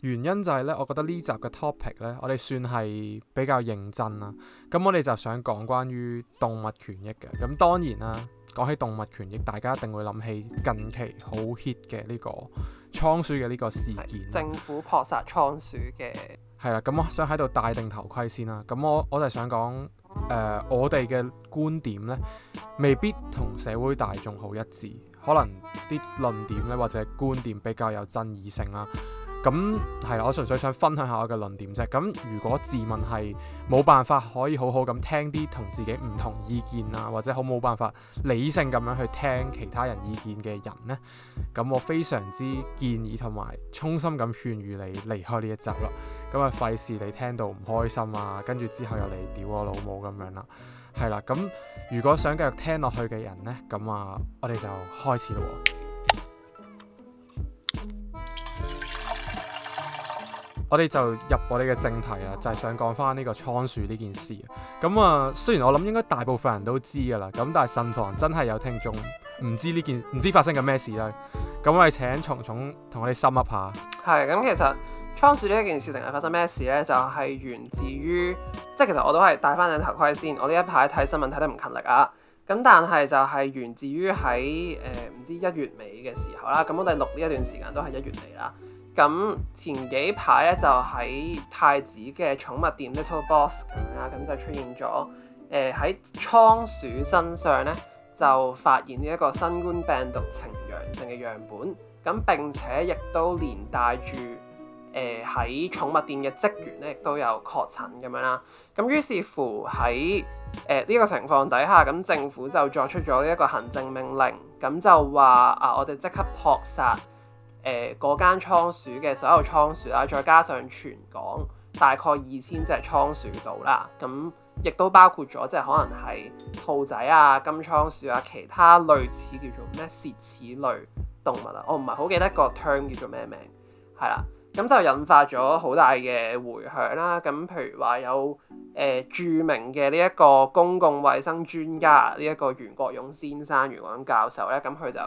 原因就係咧，我覺得呢集嘅 topic 呢，我哋算係比較認真啦。咁我哋就想講關於動物權益嘅。咁當然啦，講起動物權益，大家一定會諗起近期好 hit 嘅呢個倉鼠嘅呢個事件。政府撲殺倉鼠嘅。係啦，咁我想喺度戴定頭盔先啦。咁我我哋想講誒、呃，我哋嘅觀點呢，未必同社會大眾好一致，可能啲論點呢，或者觀點比較有爭議性啦。咁係啦，我純粹想分享下我嘅論點啫。咁如果自問係冇辦法可以好好咁聽啲同自己唔同意見啊，或者好冇辦法理性咁樣去聽其他人意見嘅人呢，咁我非常之建議同埋衷心咁勸喻你離開呢一集咯。咁啊，費事你聽到唔開心啊，跟住之後又嚟屌我老母咁樣啦。係啦，咁如果想繼續聽落去嘅人呢，咁啊，我哋就開始咯喎。我哋就入我哋嘅正題啦，就係想講翻呢個倉鼠呢件事。咁啊，雖然我諗應該大部分人都知噶啦，咁但係慎防真係有聽眾唔知呢件唔知發生緊咩事啦。咁我哋請蟲蟲同我哋深一下。係，咁其實倉鼠呢一件事成日發生咩事呢？就係源自於，即係其實我都係戴翻頂頭盔先。我呢一排睇新聞睇得唔勤力啊。咁但係就係源自於喺誒唔知一月尾嘅時候啦。咁我哋錄呢一段時間都係一月尾啦。咁前幾排咧就喺太子嘅寵物店 Little Boss 咁樣啦，咁就出現咗誒喺倉鼠身上咧就發現呢一個新冠病毒呈陽性嘅樣本，咁並且亦都連帶住誒喺寵物店嘅職員咧亦都有確診咁樣啦。咁於是乎喺誒呢個情況底下，咁政府就作出咗呢一個行政命令，咁就話啊，我哋即刻撲殺。誒嗰、呃、間倉鼠嘅所有倉鼠啦，再加上全港大概二千隻倉鼠到啦，咁亦都包括咗即係可能係兔仔啊、金倉鼠啊、其他類似叫做咩蝕齒類動物啊，我唔係好記得個 term 叫做咩名，係啦，咁就引發咗好大嘅迴響啦。咁譬如話有誒、呃、著名嘅呢一個公共衛生專家，呢、這、一個袁國勇先生、袁國勇教授咧，咁佢就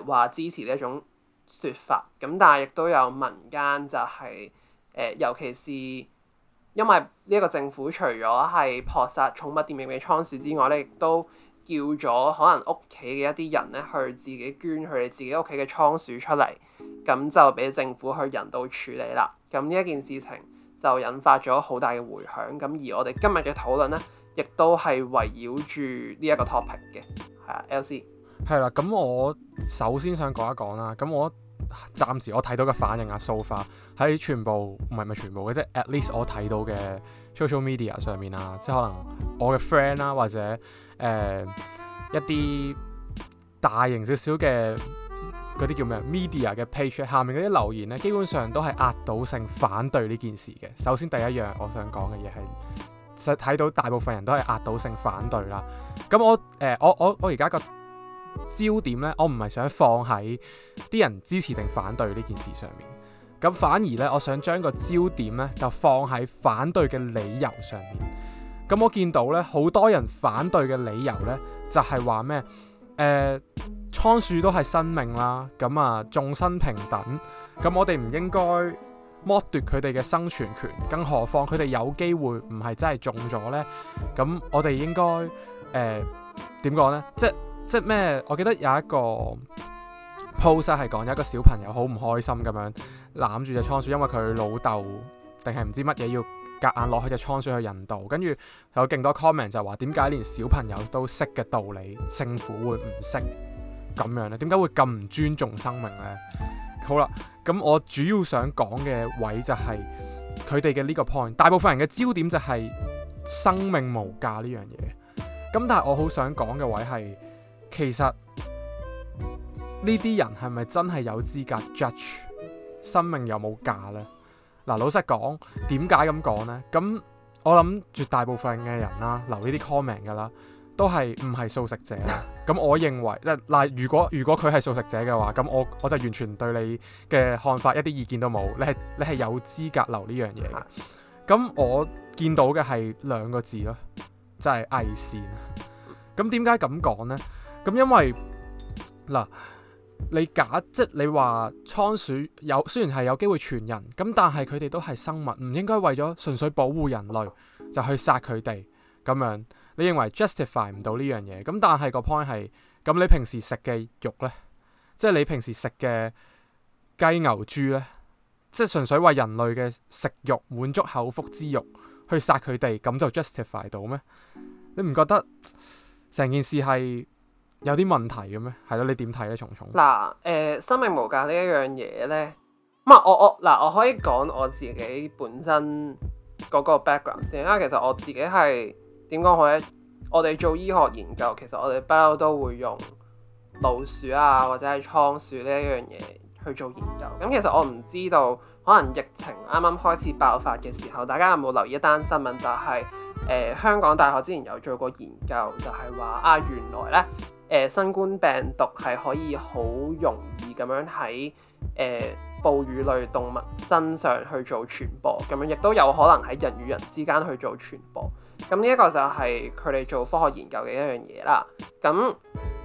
誒話、呃、支持呢一種。説法咁，但係亦都有民間就係、是、誒、呃，尤其是因為呢一個政府除咗係撲殺寵物店入面嘅倉鼠之外咧，亦都叫咗可能屋企嘅一啲人咧去自己捐佢哋自己屋企嘅倉鼠出嚟，咁就俾政府去人道處理啦。咁呢一件事情就引發咗好大嘅迴響。咁而我哋今日嘅討論咧，亦都係圍繞住呢一個 topic 嘅，係啊，L C。LC 係啦，咁我首先想講一講啦。咁我暫時我睇到嘅反應啊，so far，喺全部唔係咪全部嘅即係。就是、at least 我睇到嘅 social media 上面啊，即係可能我嘅 friend 啦、啊，或者誒、呃、一啲大型少少嘅嗰啲叫咩 media 嘅 page 下面嗰啲留言咧，基本上都係壓倒性反對呢件事嘅。首先第一樣我想講嘅嘢係，實睇到大部分人都係壓倒性反對啦。咁我誒、呃、我我我而家覺。焦點呢，我唔係想放喺啲人支持定反對呢件事上面，咁反而呢，我想將個焦點呢，就放喺反對嘅理由上面。咁我見到呢，好多人反對嘅理由呢，就係話咩？誒、呃，倉鼠都係生命啦，咁啊眾生平等，咁我哋唔應該剝奪佢哋嘅生存權，更何況佢哋有機會唔係真係中咗呢。咁我哋應該誒點講咧？即即係咩？我記得有一個 post 係講一個小朋友好唔開心咁樣攬住隻倉鼠，因為佢老豆定係唔知乜嘢要夾硬落去隻倉鼠去人道，跟住有勁多 comment 就話點解連小朋友都識嘅道理，政府會唔識咁樣咧？點解會咁唔尊重生命呢？好啦，咁我主要想講嘅位就係佢哋嘅呢個 point，大部分人嘅焦點就係生命無價呢樣嘢。咁但係我好想講嘅位係。其實呢啲人係咪真係有資格 judge 生命有冇價呢？嗱，老實講，點解咁講呢？咁我諗絕大部分嘅人啦，留呢啲 comment 㗎啦，都係唔係素食者。咁我認為，嗱，如果如果佢係素食者嘅話，咁我我就完全對你嘅看法一啲意見都冇。你係你係有資格留呢樣嘢？咁我見到嘅係兩個字咯，即係偽善。咁點解咁講呢？咁、嗯、因為嗱，你假即你話倉鼠有雖然係有機會傳人咁，但係佢哋都係生物，唔應該為咗純粹保護人類就去殺佢哋咁樣。你認為 justify 唔到呢樣嘢。咁但係個 point 係咁，你平時食嘅肉呢，即係你平時食嘅雞、牛、豬呢，即係純粹為人類嘅食肉滿足口腹之欲去殺佢哋，咁就 justify 到咩？你唔覺得成件事係有啲問題嘅咩？係咯，你點睇咧，蟲蟲？嗱，誒、呃，生命無價呢一樣嘢咧，咁係我我，嗱，我可以講我自己本身嗰個 background 先啊。其實我自己係點講好咧？我哋做醫學研究，其實我哋不嬲都會用老鼠啊或者係倉鼠呢一樣嘢去做研究。咁、啊、其實我唔知道，可能疫情啱啱開始爆發嘅時候，大家有冇留意一單新聞？就係、是、誒、呃、香港大學之前有做過研究，就係、是、話啊，原來咧～誒，新冠病毒係可以好容易咁樣喺誒哺乳類動物身上去做傳播，咁樣亦都有可能喺人與人之間去做傳播。咁呢一個就係佢哋做科學研究嘅一樣嘢啦。咁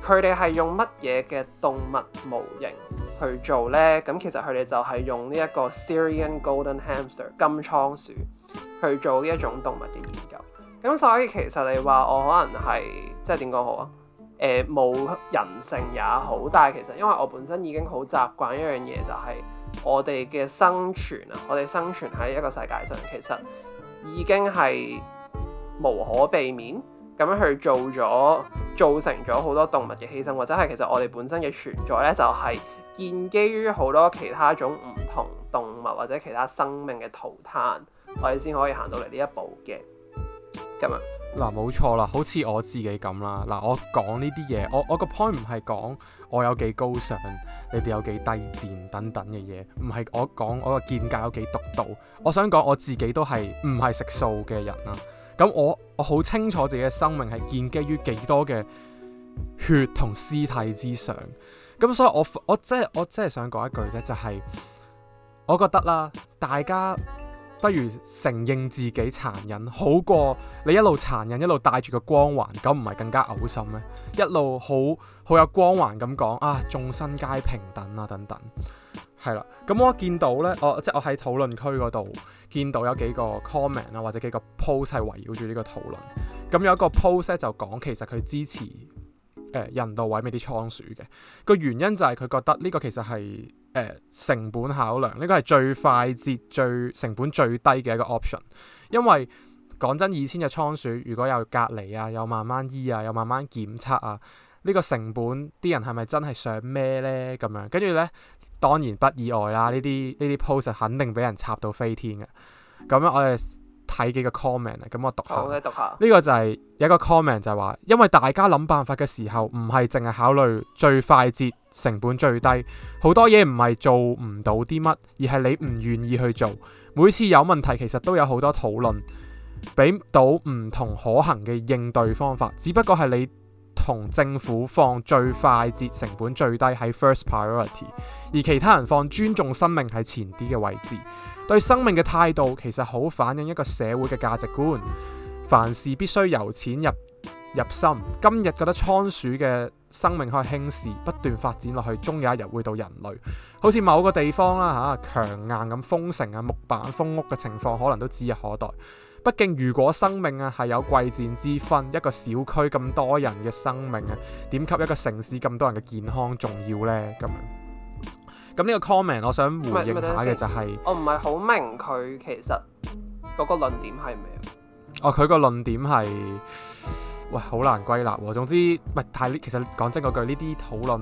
佢哋係用乜嘢嘅動物模型去做咧？咁其實佢哋就係用呢一個 Syrian Golden Hamster 金倉鼠去做呢一種動物嘅研究。咁所以其實你話我可能係即係點講好啊？誒冇、呃、人性也好，但係其實因為我本身已經好習慣一樣嘢，就係、是、我哋嘅生存啊！我哋生存喺一個世界上，其實已經係無可避免咁樣去做咗，造成咗好多動物嘅犧牲，或者係其實我哋本身嘅存在咧，就係、是、建基於好多其他種唔同動物或者其他生命嘅塗炭，我哋先可以行到嚟呢一步嘅噉樣。嗱，冇錯啦，好似我自己咁啦。嗱、啊，我講呢啲嘢，我我個 point 唔係講我有幾高尚，你哋有幾低賤等等嘅嘢，唔係我講我個見解有幾獨到。我想講我自己都係唔係食素嘅人啦。咁我我好清楚自己嘅生命係建基於幾多嘅血同屍體之上。咁所以我我真係我真係想講一句啫，就係、是、我覺得啦，大家。不如承認自己殘忍，好過你一路殘忍一路帶住個光環，咁唔係更加嘔心咩？一路好好有光環咁講啊，眾生皆平等啊等等，係啦。咁我見到呢，我即係我喺討論區嗰度見到有幾個 comment 啦、啊，或者幾個 post 係圍繞住呢個討論。咁有一個 post 就講其實佢支持。誒、呃、人道毀滅啲倉鼠嘅個原因就係佢覺得呢個其實係誒、呃、成本考量，呢、這個係最快捷、最成本最低嘅一個 option。因為講真，二千隻倉鼠如果有隔離啊，有慢慢醫啊，有慢慢檢測啊，呢、這個成本啲人係咪真係想孭呢？咁樣跟住呢，當然不意外啦。呢啲呢啲 post 肯定俾人插到飛天嘅。咁樣我哋。睇幾個 comment 啊，咁我讀下。好，okay，讀下。呢個就係有一個 comment 就係話，因為大家諗辦法嘅時候，唔係淨係考慮最快捷、成本最低，好多嘢唔係做唔到啲乜，而係你唔願意去做。每次有問題，其實都有好多討論，俾到唔同可行嘅應對方法。只不過係你同政府放最快捷、成本最低喺 first priority，而其他人放尊重生命喺前啲嘅位置。對生命嘅態度，其實好反映一個社會嘅價值觀。凡事必須由淺入入深。今日覺得倉鼠嘅生命可以輕視，不斷發展落去，終有一日會到人類。好似某個地方啦，吓、啊，強硬咁封城啊，木板封屋嘅情況，可能都指日可待。畢竟如果生命啊，係有貴賤之分，一個小區咁多人嘅生命啊，點及一個城市咁多人嘅健康重要呢？咁樣。咁呢個 comment，我想回應下嘅就係、是，我唔係好明佢其實嗰個論點係咩哦，佢個論點係，喂，好難歸納喎。總之，唔係，但其實講真嗰句，呢啲討論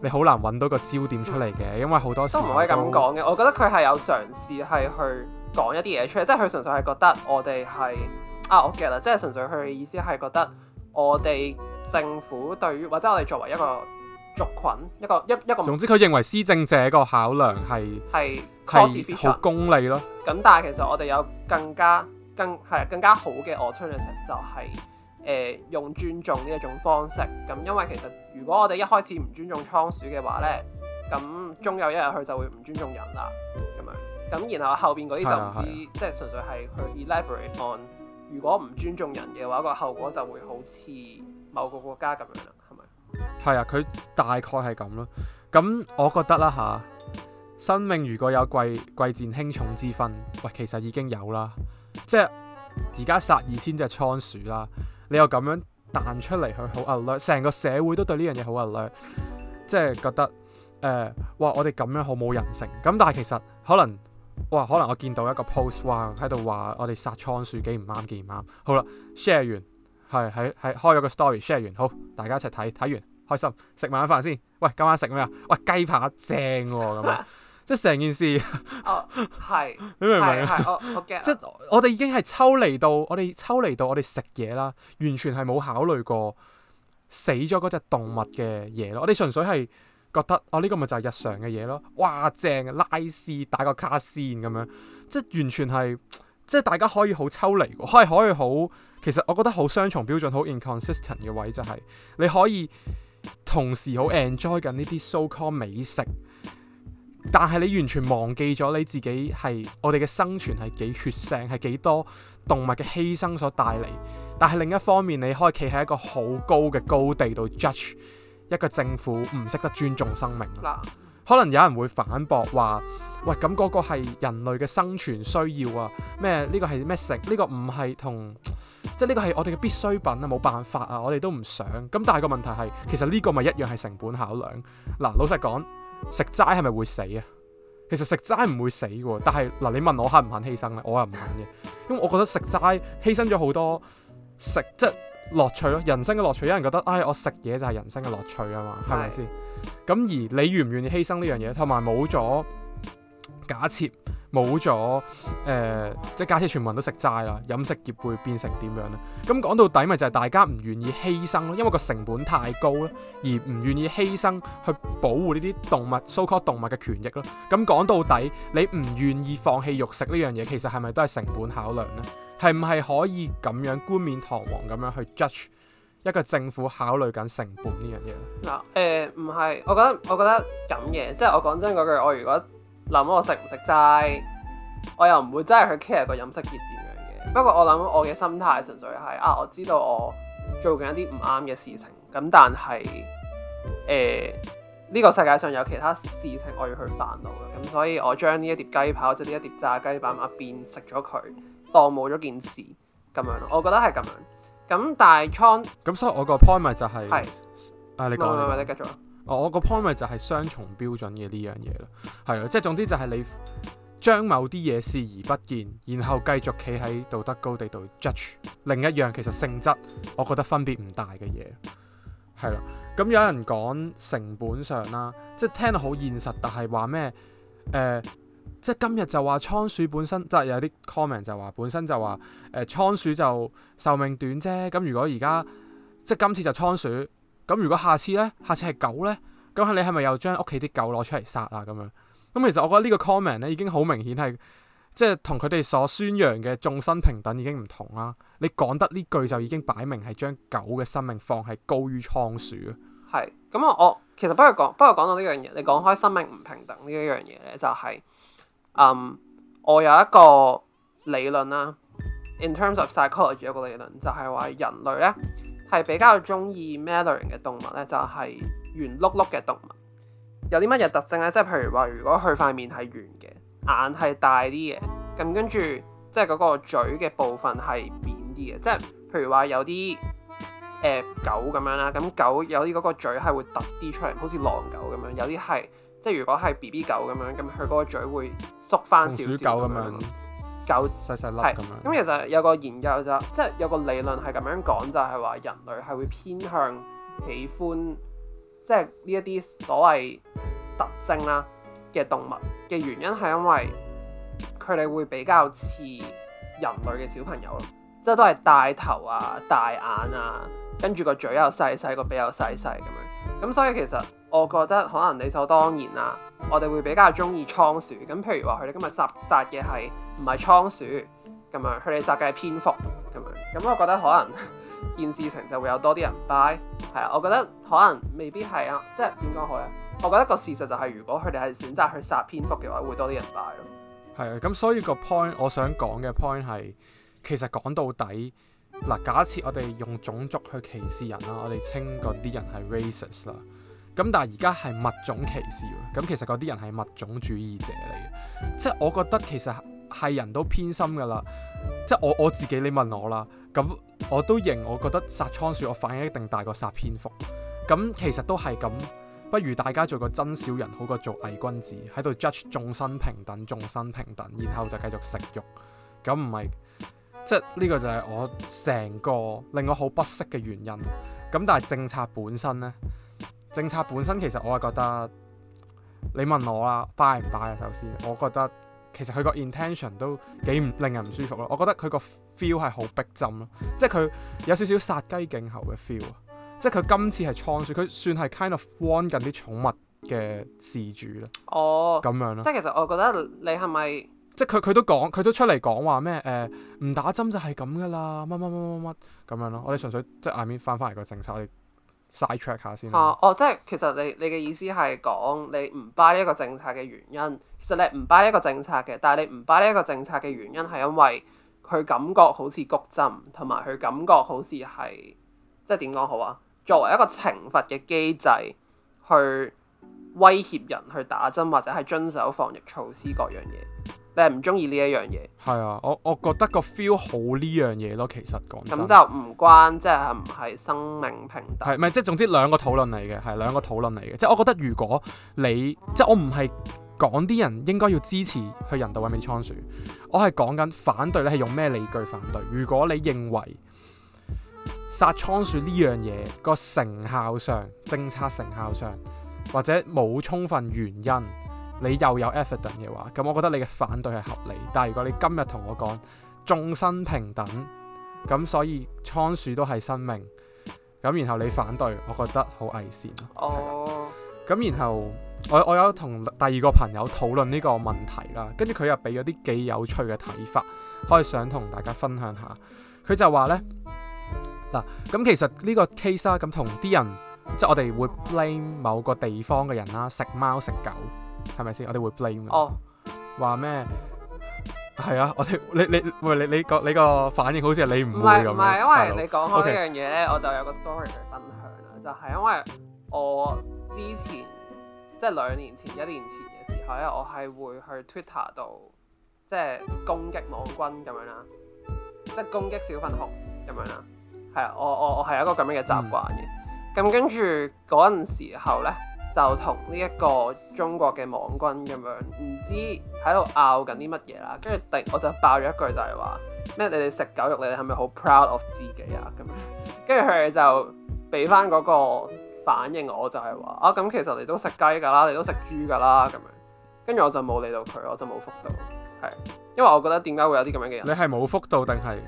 你好難揾到個焦點出嚟嘅，嗯、因為好多時候都唔可以咁講嘅。都我覺得佢係有嘗試係去講一啲嘢出嚟，即係佢純粹係覺得我哋係啊，我 get 啦，即、就、係、是、純粹佢嘅意思係覺得我哋政府對於或者我哋作為一個。族群一個，一一個，總之佢認為施政者個考量，係係係好功利咯。咁但係其實我哋有更加更係、啊、更加好嘅 alternative，就係、是、誒、呃、用尊重呢一種方式。咁因為其實如果我哋一開始唔尊重倉鼠嘅話咧，咁終有一日佢就會唔尊重人啦。咁樣，咁然後後邊嗰啲就唔知、啊啊、即係純粹係去 elaborate on 如果唔尊重人嘅話、那個後果就會好似某個國家咁樣啦。係啊，佢大概係咁咯。咁我覺得啦吓、啊，生命如果有貴貴賤輕重之分，喂，其實已經有啦。即係而家殺二千隻倉鼠啦，你又咁樣彈出嚟，佢好惡劣，成個社會都對呢樣嘢好惡劣。即係覺得誒、呃，哇，我哋咁樣好冇人性。咁但係其實可能哇，可能我見到一個 post，哇，喺度話我哋殺倉鼠幾唔啱，幾唔啱。好啦，share 完。係喺喺開咗個 story share 完，好大家一齊睇睇完開心，食晚飯先。喂，今晚食咩啊？喂，雞扒正咁、哦、啊！樣 即係成件事哦，係、oh, yes, 你明唔明啊？我好驚。Yes, yes, oh, okay. 即係我哋已經係抽離到，我哋抽離到我哋食嘢啦，完全係冇考慮過死咗嗰隻動物嘅嘢咯。我哋純粹係覺得哦，呢、這個咪就係日常嘅嘢咯。哇，正拉絲、nice, 打個卡線咁樣，即係完全係即係大家可以好抽離，係可以好。其實我覺得好雙重標準，好 inconsistent 嘅位就係你可以同時好 enjoy 緊呢啲 so called 美食，但係你完全忘記咗你自己係我哋嘅生存係幾血腥，係幾多動物嘅犧牲所帶嚟。但係另一方面，你可以企喺一個好高嘅高地度 judge 一個政府唔識得尊重生命。嗱，可能有人會反駁話：喂，咁嗰個係人類嘅生存需要啊，咩呢個係咩食？呢個唔係同。即呢個係我哋嘅必需品啊，冇辦法啊，我哋都唔想咁，但係個問題係，其實呢個咪一樣係成本考量嗱。老實講，食齋係咪會死啊？其實食齋唔會死噶，但係嗱，你問我肯唔肯犧牲咧？我又唔肯嘅，因為我覺得食齋犧牲咗好多食即係樂趣咯，人生嘅樂趣。有人覺得唉、哎，我食嘢就係人生嘅樂趣啊嘛，係咪先？咁的而你願唔願意犧牲呢樣嘢？同埋冇咗。假設冇咗誒，即係假設全部人都食齋啦，飲食業會變成點樣呢？咁講到底咪就係大家唔願意犧牲咯，因為個成本太高啦，而唔願意犧牲去保護呢啲動物、所謂動物嘅權益咯。咁講到底，你唔願意放棄肉食呢樣嘢，其實係咪都係成本考量呢？係唔係可以咁樣冠冕堂皇咁樣去 judge 一個政府考慮緊成本呢樣嘢咧？嗱誒、呃，唔係我覺得，我覺得咁嘅，即係我講真嗰句，我如果。諗我食唔食齋，我又唔會真係去 care 個飲食業點樣嘅。不過我諗我嘅心態純粹係啊，我知道我做緊一啲唔啱嘅事情，咁但係誒呢個世界上有其他事情我要去煩惱嘅，咁所以我將呢一碟雞排或者呢一碟炸雞把阿變食咗佢，當冇咗件事咁樣咯。我覺得係咁樣。咁大倉咁，所以我個 point 咪就係、係、係係啊，你講，唔唔你繼續 Oh, 我個 point 就係雙重標準嘅呢樣嘢咯，係咯，即係總之就係你將某啲嘢視而不見，然後繼續企喺道德高地度 judge 另一樣其實性質，我覺得分別唔大嘅嘢，係啦。咁有人講成本上啦，即係聽好現實，但係話咩？誒、呃，即係今日就話倉鼠本身，即係有啲 comment 就話本身就話誒倉鼠就壽命短啫。咁如果而家即係今次就倉鼠。咁如果下次呢？下次係狗咧，咁你係咪又將屋企啲狗攞出嚟殺啊？咁樣，咁其實我覺得呢個 comment 呢已經好明顯係，即係同佢哋所宣揚嘅眾生平等已經唔同啦。你講得呢句就已經擺明係將狗嘅生命放係高於倉鼠啊。係咁啊，我其實不過講不過講到呢樣嘢，你講開生命唔平等呢樣嘢呢，就係嗯我有一個理論啦，in terms of psychology 有一個理論就係話人類呢。係比較中意 m e 咩類型嘅動物咧？就係、是、圓碌碌嘅動物。有啲乜嘢特徵咧？即係譬如話，如果佢塊面係圓嘅，眼係大啲嘅，咁跟住即係嗰個嘴嘅部分係扁啲嘅。即係譬如話有啲誒、呃、狗咁樣啦，咁狗有啲嗰個嘴係會凸啲出嚟，好似狼狗咁樣。有啲係即係如果係 B B 狗咁樣，咁佢嗰個嘴會縮翻少少。夠九細細粒咁樣，咁其實有個研究就，即係有個理論係咁樣講，就係話人類係會偏向喜歡即係呢一啲所謂特徵啦嘅動物嘅原因係因為佢哋會比較似人類嘅小朋友咯，即係都係大頭啊、大眼啊，跟住個嘴又細細、個鼻又細細咁樣，咁所以其實。我覺得可能理所當然啦。我哋會比較中意倉鼠咁，譬如話佢哋今日殺殺嘅係唔係倉鼠咁樣，佢哋殺嘅係蝙蝠咁樣。咁我覺得可能件事情就會有多啲人 buy 係啊。我覺得可能未必係啊，即係點講好咧？我覺得個事實就係，如果佢哋係選擇去殺蝙蝠嘅話，會多啲人 buy 咯。係啊，咁所以個 point 我想講嘅 point 係其實講到底嗱，假設我哋用種族去歧視人啦，我哋稱嗰啲人係 racist 啦。咁但係而家係物種歧視喎，咁其實嗰啲人係物種主義者嚟嘅，即係我覺得其實係人都偏心噶啦。即係我我自己，你問我啦，咁我都認，我覺得殺倉鼠我反應一定大過殺蝙蝠。咁其實都係咁，不如大家做個真小人好過做偽君子，喺度 judge 眾生平等，眾生平等，然後就繼續食肉。咁唔係，即係呢個就係我成個令我好不適嘅原因。咁但係政策本身呢。政策本身其實我係覺得，你問我啦，buy 唔 buy 啊？首先，我覺得其實佢個 intention 都幾唔令人唔舒服咯。我覺得佢個 feel 係好逼真咯，即係佢有少少殺雞儆猴嘅 feel。即係佢今次係倉鼠，佢算係 kind of want r 啲寵物嘅事主咯。哦、oh，咁樣咯。即係其實我覺得你係咪？即係佢佢都講，佢都出嚟講話咩？誒、呃、唔打針就係咁噶啦，乜乜乜乜乜咁樣咯。我哋純粹即係面翻翻嚟個政策。side track 下先、uh, oh,。嚇！哦，即係其實你你嘅意思係講你唔 buy 呢一個政策嘅原因，其實你唔 buy 呢一個政策嘅，但係你唔 buy 呢一個政策嘅原因係因為佢感覺好似谷針，同埋佢感覺好似係即係點講好啊？作為一個懲罰嘅機制去威脅人去打針或者係遵守防疫措施各樣嘢。你係唔中意呢一樣嘢？係啊，我我覺得個 feel 好呢樣嘢咯，其實講真咁就唔關即係唔係生命平等。係咪，即係總之兩個討論嚟嘅，係兩個討論嚟嘅。即係我覺得如果你即係我唔係講啲人應該要支持去人道毀滅倉鼠，我係講緊反對你係用咩理據反對。如果你認為殺倉鼠呢樣嘢個成效上政策成效上或者冇充分原因。你又有 evidence 嘅話，咁我覺得你嘅反對係合理。但係如果你今日同我講眾生平等，咁所以倉鼠都係生命，咁然後你反對我覺得好危險。哦，咁、oh. 然後我我有同第二個朋友討論呢個問題啦，跟住佢又俾咗啲幾有趣嘅睇法，可以想同大家分享下。佢就話呢，嗱，咁其實呢個 case 啦，咁同啲人即係我哋會 blame 某個地方嘅人啦，食貓食狗。係咪先？我哋會 blame 嘅。哦、oh.，話咩？係啊，我哋你你喂你你個你個反應好似係你唔會咁唔係，唔係是，因為 Yeah. 你講開呢樣嘢咧，Okay. 我就有個 story 去分享啦。就係、是、因為我之前即係兩年前、一年前嘅時候咧，我係會去 Twitter 度即係攻擊網軍咁樣啦，即係攻擊小粉紅咁樣啦。係啊，我我我係有一個咁樣嘅習慣嘅。咁跟住嗰陣時候咧。就同呢一個中國嘅網軍咁樣，唔知喺度拗緊啲乜嘢啦，跟住定我就爆咗一句就係話咩？你哋食狗肉，你哋係咪好 proud of 自己啊？咁樣跟住佢哋就俾翻嗰個反應，我就係話啊，咁其實你都食雞㗎啦，你都食豬㗎啦咁樣。跟住我就冇理到佢，我就冇覆到，係因為我覺得點解會有啲咁樣嘅人？你係冇覆到定係？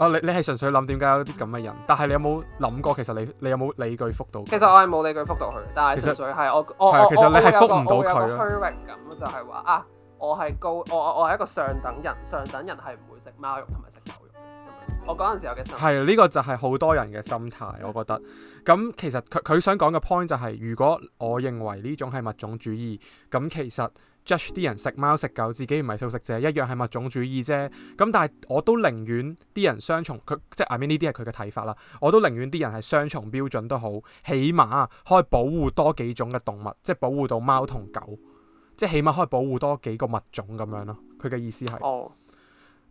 啊、哦！你你係純粹諗點解有啲咁嘅人？嗯、但係你有冇諗過其實你你有冇理據覆到佢？其實我係冇理據覆到佢，但係純粹係我實我我其實你係覆唔到佢咯。我有個區域就係話啊，我係高我我我係一個上等人，上等人係唔會食貓肉同埋食狗肉。我嗰陣時候嘅心係呢、這個就係好多人嘅心態，我覺得。咁其實佢佢想講嘅 point 就係、是，如果我認為呢種係物種主義，咁其實。judge 啲人食貓食狗，自己唔係素食者一樣係物種主義啫。咁但係我都寧願啲人雙重，佢即係 I mean 呢啲係佢嘅睇法啦。我都寧願啲人係雙重標準都好，起碼可以保護多幾種嘅動物，即係保護到貓同狗，即係起碼可以保護多幾個物種咁樣咯。佢嘅意思係哦，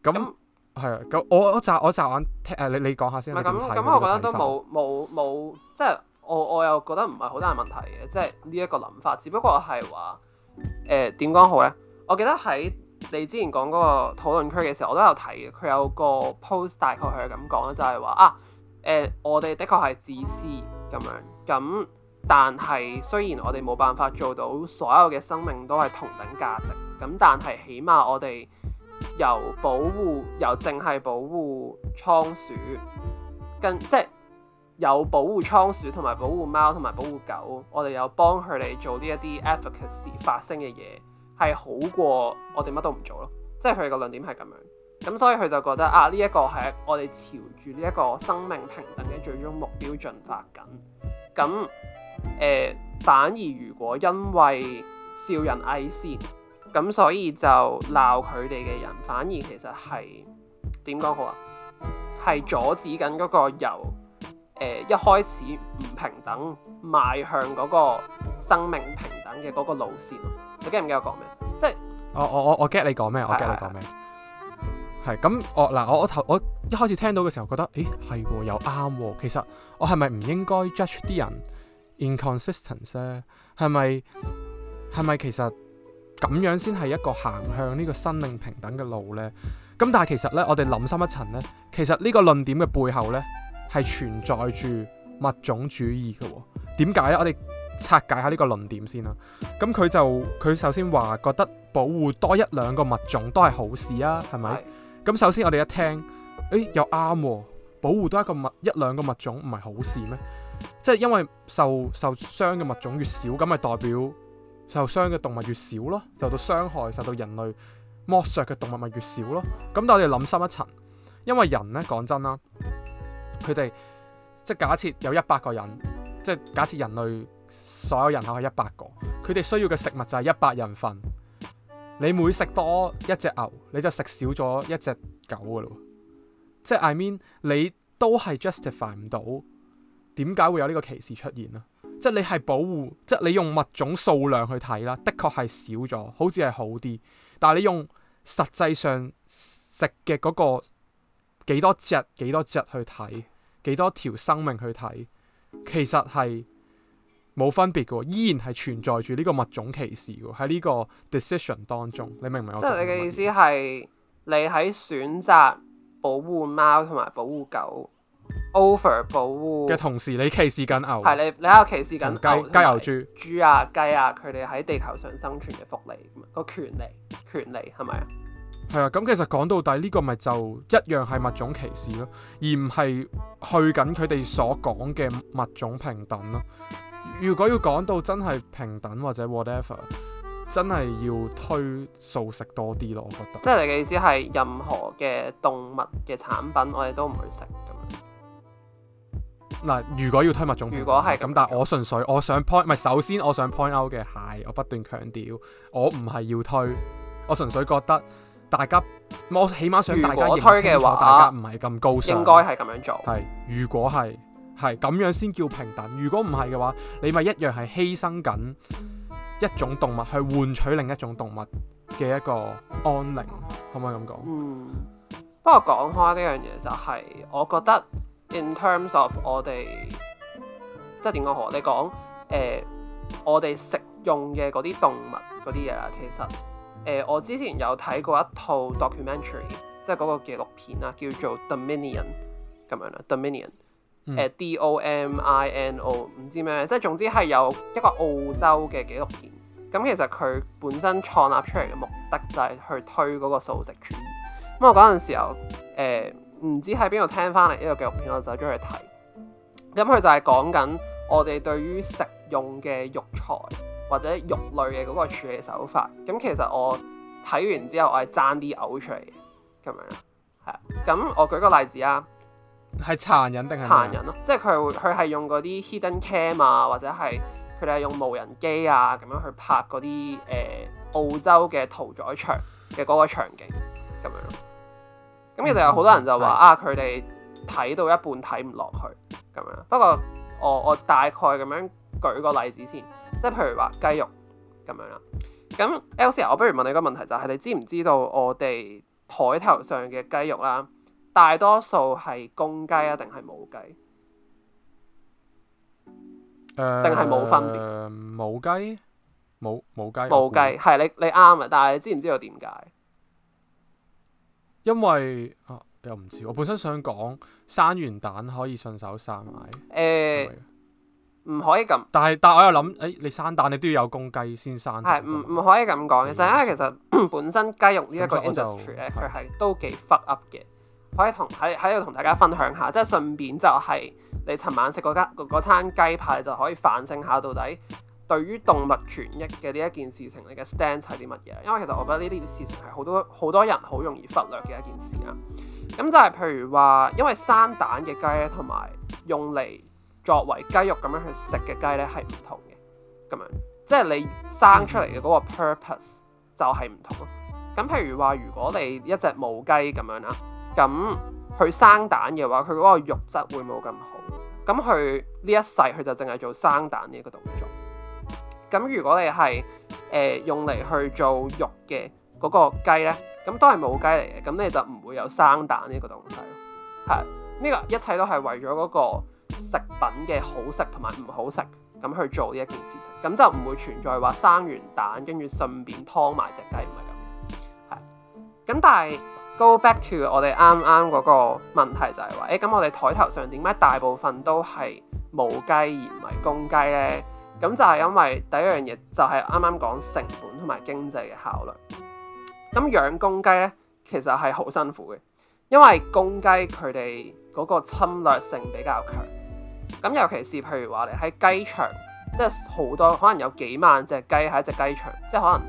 咁係啊，咁咁咁我我集我集眼聽、呃、你你講下先咁。唔係咁咁我覺得都冇冇冇，即係我我又覺得唔係好大問題嘅，即係呢一個諗法，只不過係話。誒，點講好咧？我記得喺你之前講嗰個討論區嘅時候，我都有睇嘅。佢有個 post，大概係咁講，就係、是、話啊，誒、呃，我哋的確係自私咁樣咁，但係雖然我哋冇辦法做到所有嘅生命都係同等價值咁，但係起碼我哋由保護，由淨係保護倉鼠，跟即係。有保護倉鼠同埋保護貓同埋保護狗，我哋有幫佢哋做呢一啲 advocacy 發聲嘅嘢，係好過我哋乜都唔做咯。即係佢個論點係咁樣咁，所以佢就覺得啊，呢、這、一個係我哋朝住呢一個生命平等嘅最終目標進發緊。咁誒、呃，反而如果因為笑人矮先咁，所以就鬧佢哋嘅人，反而其實係點講好啊？係阻止緊嗰個由。誒、呃、一開始唔平等，邁向嗰個生命平等嘅嗰個路線，你記唔記得我講咩？即、就、係、是、我我我我 get 你講咩？我 get 你講咩？係咁，我嗱我我頭我一開始聽到嘅時候覺得，咦係喎又啱喎。其實我係咪唔應該 judge 啲人 inconsistent 咧？係咪係咪其實咁樣先係一個行向呢個生命平等嘅路咧？咁但係其實咧，我哋諗深一層咧，其實呢 opposite，其實呢個論點嘅背後咧。係存在住物種主義嘅、喎，點解呢？我哋拆解下呢個論點先啦。咁佢就佢首先話覺得保護多一兩個物種都係好事啊，係咪？咁首先我哋一聽，誒、欸、又啱、喎，保護多一個物一兩個物種唔係好事咩？即係因為受受傷嘅物種越少，咁咪代表受傷嘅動物越少咯，受到傷害、受到人類剝削嘅動物咪越少咯。咁但我哋諗深一層，因為人呢，講真啦。佢哋即係假設有一百個人，即係假設人類所有人口係一百個，佢哋需要嘅食物就係一百人份。你每食多一隻牛，你就食少咗一隻狗噶啦。即係 I mean，你都係 justify 唔到點解會有呢個歧視出現啊？即係你係保護，即係你用物種數量去睇啦，的確係少咗，好似係好啲。但係你用實際上食嘅嗰個。幾多隻、幾多隻去睇，幾多條生命去睇，其實係冇分別嘅，依然係存在住呢個物種歧視嘅喺呢個 decision 當中，你明唔明？即係你嘅意思係你喺選擇保護貓同埋保護狗 over 保護嘅同時，你歧視緊牛啊、牛？係你你喺度歧視緊雞、雞、牛、豬、豬你啊、雞啊，佢哋喺地球上生存嘅福利、個權利、權利，係咪啊？是係啊，咁其實講到底呢個咪就一樣係物種歧視咯，而唔係去緊佢哋所講嘅物種平等咯。如果要講到真係平等或者 whatever，真係要推素食多啲咯。我覺得即係你嘅意思係任何嘅動物嘅產品我哋都唔會食咁樣。嗱，如果要推物種平等，如果係咁，但係我純粹我上 point 唔係首先我上 point out 嘅係我不斷強調我唔係要推，我純粹覺得。大家，我起碼想大家認清楚，話大家唔係咁高尚，應該係咁樣做。係，如果係，係咁樣先叫平等。如果唔係嘅話，你咪一樣係犧牲緊一種動物去換取另一種動物嘅一個安寧，可唔可以咁講？嗯，不過講開呢樣嘢就係、是，我覺得 in terms of 我哋即係點講好？你講，誒、呃，我哋食用嘅嗰啲動物嗰啲嘢啊，其實。誒、呃，我之前有睇過一套 documentary，即係嗰個紀錄片啦，叫做《Dominion》，《Dominion、嗯》咁樣啦，d《Dominion》誒 D O M I N O，唔知咩，即係總之係有一個澳洲嘅紀錄片。咁其實佢本身創立出嚟嘅目的就係去推嗰個素食主義。咁我嗰陣時候誒，唔、呃、知喺邊度聽翻嚟呢個紀錄片，我就走去睇。咁佢就係講緊我哋對於食用嘅肉菜。或者肉類嘅嗰個處理手法咁，其實我睇完之後，我係爭啲嘔出嚟嘅咁樣，係啊。咁我舉個例子啊，係殘忍定係殘忍咯，即係佢佢係用嗰啲 hidden cam 啊，或者係佢哋係用無人機啊，咁樣去拍嗰啲誒澳洲嘅屠宰場嘅嗰個場景咁樣。咁其實有好多人就話的啊，佢哋睇到一半睇唔落去咁樣。不過我我大概咁樣舉個例子先。即係譬如話雞肉咁樣啦，咁 Elsa 我不如問你一個問題，就是，就係你知唔知道我哋枱頭上嘅雞肉啦，大多數係公雞啊定係母雞？定係冇分別？母、呃、雞，冇母雞。母雞係我猜 你你啱啊，但係你知唔知道點解？因為啊，又唔知。我本身想講生完蛋可以順手生埋。誒、欸。唔可以咁，但係但係我又諗，誒、哎、你生蛋你都要有公雞先生，係唔唔可以咁講嘅，就因為其實本身雞肉呢一個 industry 咧，佢係是的都幾 fuck up 嘅。可以同喺喺度同大家分享下，即係順便就係、是、你尋晚食嗰餐雞排就可以反省下，到底對於動物權益嘅呢一件事情，你嘅 stand 係啲乜嘢？因為其實我覺得呢啲事情係好多好多人好容易忽略嘅一件事啊。咁就係譬如話，因為生蛋嘅雞同埋用嚟作為雞肉咁樣去食嘅雞咧係唔同嘅，咁樣即係你生出嚟嘅嗰個 purpose 就係唔同咯。咁譬如話，如果你一隻母雞咁樣啦，咁佢生蛋嘅話，佢嗰個肉質會冇咁好。咁佢呢一世佢就淨係做生蛋呢一個動作。咁如果你係誒、呃、用嚟去做肉嘅嗰個雞咧，咁都係母雞嚟嘅，咁你就唔會有生蛋呢一個動作。係呢、呢個一切都係為咗嗰、嗰個。食品嘅好食同埋唔好食，咁去做呢一件事情，咁就唔會存在話生完蛋跟住順便劏埋隻雞，唔係咁。係咁，但係 go back to 我哋啱啱嗰個問題就係話，誒、欸，咁我哋台頭上點解大部分都係母雞而唔係公雞呢？咁就係因為第一樣嘢就係啱啱講成本同埋經濟嘅考慮。咁養公雞呢，其實係好辛苦嘅，因為公雞佢哋嗰個侵略性比較強。咁尤其是譬如話，你喺雞場，即係好多可能有幾萬隻雞喺一隻雞場，即係可能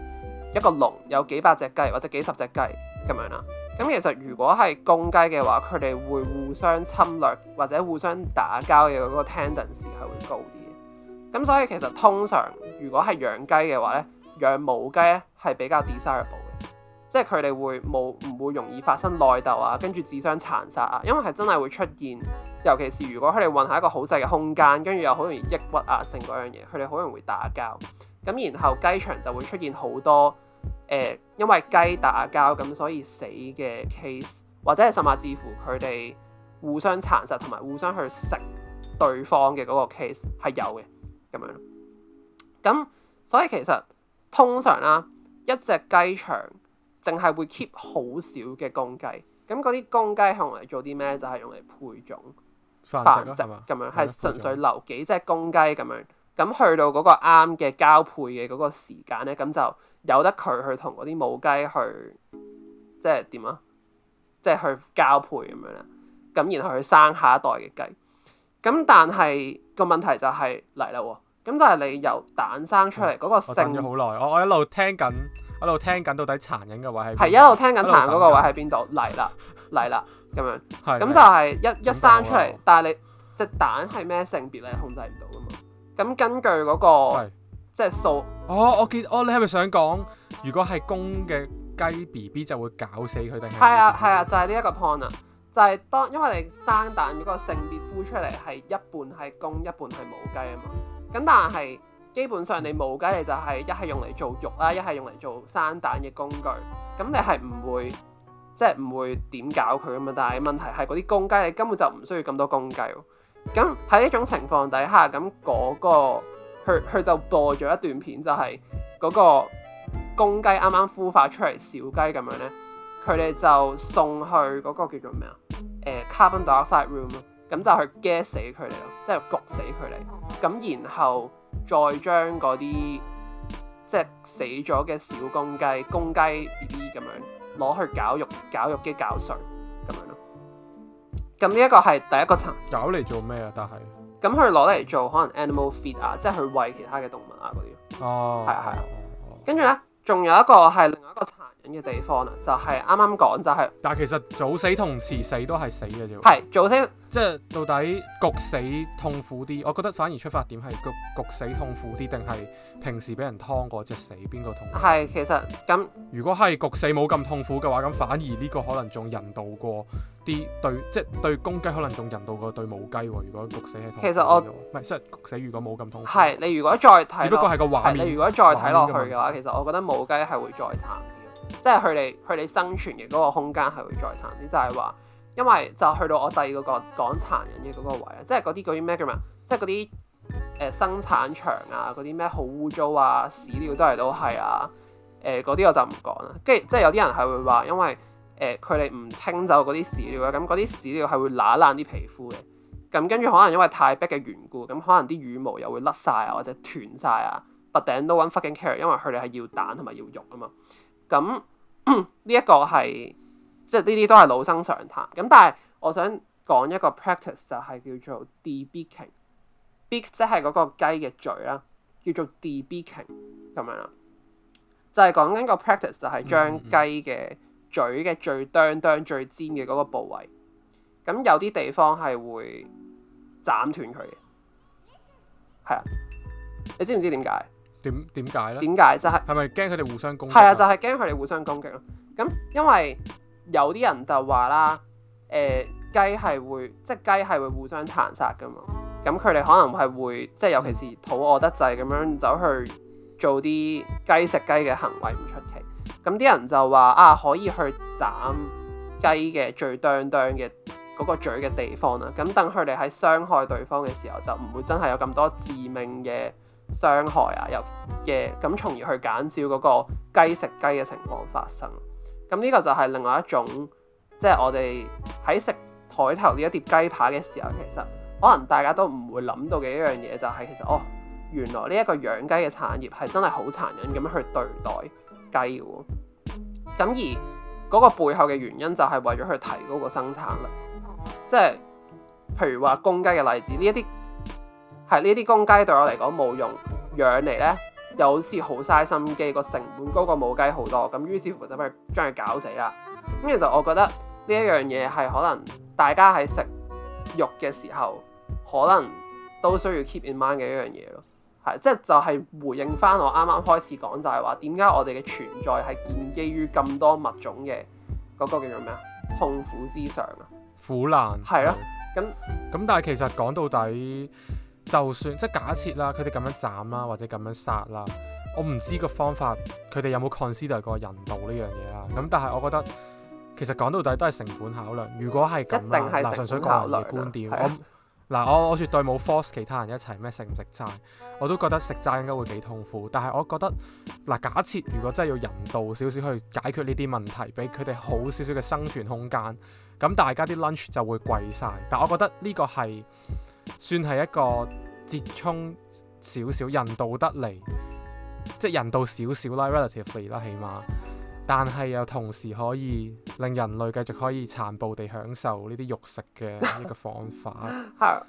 一個籠有幾百隻雞或者幾十隻雞咁樣啦。咁其實如果係公雞嘅話，佢哋會互相侵略或者互相打交嘅嗰個 tendency 係會高啲嘅。咁所以其實通常如果係養雞嘅話咧，養母雞咧係比較 desirable 嘅，即係佢哋會冇唔會容易發生內鬥啊，跟住自相殘殺啊，因為係真係會出現。尤其是如果佢哋混喺一個好細嘅空間，跟住又好容易抑鬱壓性嗰樣嘢，佢哋好容易打交。咁然後雞場就會出現好多誒、呃，因為雞打交咁所以死嘅 case，或者係甚至乎佢哋互相殘殺同埋互相去食對方嘅嗰個 case 係有嘅咁樣。咁所以其實通常啦，一隻雞場淨係會 keep 好少嘅公雞。咁嗰啲公雞係用嚟做啲咩？就係、是、用嚟配種。繁殖咁樣，係純粹留幾隻公雞咁樣，咁去到嗰個啱嘅交配嘅嗰個時間咧，咁就由得佢去同嗰啲母雞去，即係點啊？即係去交配咁樣啦，咁然後去生下一代嘅雞。咁但係、個問題就係嚟啦喎，咁就係你由蛋生出嚟嗰、嗯、個性好耐，我一我一路聽緊，一路聽緊到底殘忍嘅位喺邊係是一路聽緊殘嗰個位喺邊度嚟啦？ 嚟啦，咁樣，咁的就係一的一生出嚟，但係你隻蛋係咩性別咧，你控制唔到噶嘛。咁根據嗰個的即係數，哦，我見，哦，你係咪想講，如果係公嘅雞 B B 就會搞死佢哋？係？啊，係啊，就係呢一個 point 啊，就係當因為你生蛋嗰個性別孵出嚟係一半係公，一半係母雞啊嘛。咁但係基本上你母雞你就係一係用嚟做肉啦，一係用嚟做，做生蛋嘅工具。咁你係唔會。即係唔會點搞佢啊嘛，但係問題係嗰啲公雞，你根本就唔需要咁多公雞喎，啊。咁喺呢種情況底下，咁嗰、嗰個佢佢就播咗一段片，就係，就係嗰個公雞啱啱孵化出嚟小雞咁樣咧，佢哋就送去嗰個叫做咩啊？誒，carbon dioxide room 咯，咁就去驚死佢哋咯，即係焗死佢哋。咁然後再將嗰啲即係死咗嘅小公雞、公雞 BB 咁樣。攞去搞肉，搞肉機搞碎咁樣咯。咁呢一個係第一個層。搞嚟做咩啊？但係咁佢攞嚟做可能 animal feed 啊，即係去餵其他嘅動物啊嗰啲。哦，係啊係啊。跟住咧，仲、哦、有一個係另外一個層嘅地方啦，就係啱啱講就係，但係其實早死同遲死都係死嘅啫。係早死，即係到底焗死痛苦啲？我覺得反而出發點係焗死痛苦啲，定係平時俾人劏過隻死邊個痛苦？係其實咁，嗯，如果係焗死冇咁痛苦嘅話，咁反而呢個可能仲人道過啲，對，即係對公雞可能仲人道過對母雞喎。如果焗死係痛苦，其實我，唔係，即係焗死如果冇咁痛苦，係你如果再睇，只不過係個畫面。你如果再睇落去嘅話，其實我覺得母雞係會再慘。即係佢哋佢哋生存嘅嗰個空間係會再殘啲，就係、是、話，因為就去到我第二個講、那個、講殘忍嘅嗰個位啊，即係嗰啲嗰啲咩叫咩啊，即係嗰啲誒生產場啊，嗰啲咩好污糟啊，屎尿真係都係啊，誒嗰啲我就唔講啦。跟住即係有啲人係會話，因為誒佢哋唔清走嗰啲屎尿啊，咁嗰啲屎尿係會乸爛啲皮膚嘅。咁跟住可能因為太逼嘅緣故，咁可能啲羽毛又會甩晒啊，或者斷晒啊，But then no one fucking care，因為佢哋係要蛋同埋要肉啊嘛。咁呢一個係即係呢啲都係老生常談。咁但係我想講一個 practice 就係叫做 debeaking, beak 即係嗰個雞嘅嘴啦，叫做 debeaking 咁樣啦。就係講緊個 practice 就係將雞嘅嘴嘅最啄啄最尖嘅嗰個部位，咁有啲地方係會斬斷佢嘅。係啊，你知唔知點解？點點解咧？點解就係係咪驚佢哋互相攻擊？係啊，就係驚佢哋互相攻擊咯。咁因為有啲人就話啦，誒、呃、雞係會即係雞係會互相殘殺噶嘛。咁佢哋可能係會即係尤其是肚餓得滯咁樣走去做啲雞食雞嘅行為唔出奇。咁啲人就話啊，可以去斬雞嘅最啄啄嘅嗰個嘴嘅地方啦。咁等佢哋喺傷害對方嘅時候，就唔會真係有咁多致命嘅。傷害啊，有嘅咁，從而去減少嗰個雞食雞嘅情況發生。咁呢個就係另外一種，即係我哋喺食台頭呢一碟雞排嘅時候，其實可能大家都唔會諗到嘅一樣嘢，就係其實哦，原來呢一個養雞嘅產業係真係好殘忍咁樣去對待雞喎。咁而嗰個背後嘅原因就係為咗去提高個生產力，即係譬如話公雞嘅例子，呢一啲。係呢啲公雞對我嚟講冇用，養嚟呢又好似好嘥心機，個成本高過母雞好多，咁於是乎就俾佢將佢搞死啦。咁其實我覺得呢一樣嘢係可能大家喺食肉嘅時候，可能都需要 keep in mind 嘅一樣嘢咯。係，即係就係、是、回應翻我啱啱開始講就係話點解我哋嘅存在係建基於咁多物種嘅嗰個叫做咩啊？痛苦之上啊？苦難係咯。咁咁但係其實講到底。就算即係假設啦，佢哋咁樣斬啦，或者咁樣殺啦，我唔知個方法佢哋有冇 consider 過人道呢樣嘢啦。咁但係我覺得其實講到底都係成本考量。如果係咁啦，嗱純粹講嘅觀點，啊、我嗱我我絕對冇 force 其他人一齊咩食唔食齋。我都覺得食齋應該會幾痛苦。但係我覺得嗱假設如果真係要人道少少去解決呢啲問題，俾佢哋好少少嘅生存空間，咁大家啲 lunch 就會貴晒。但我覺得呢個係。算係一個折衷少少人道得嚟，即係人道小小少少啦，relatively 啦，起碼。但係又同時可以令人類繼續可以殘暴地享受呢啲肉食嘅一個方法。係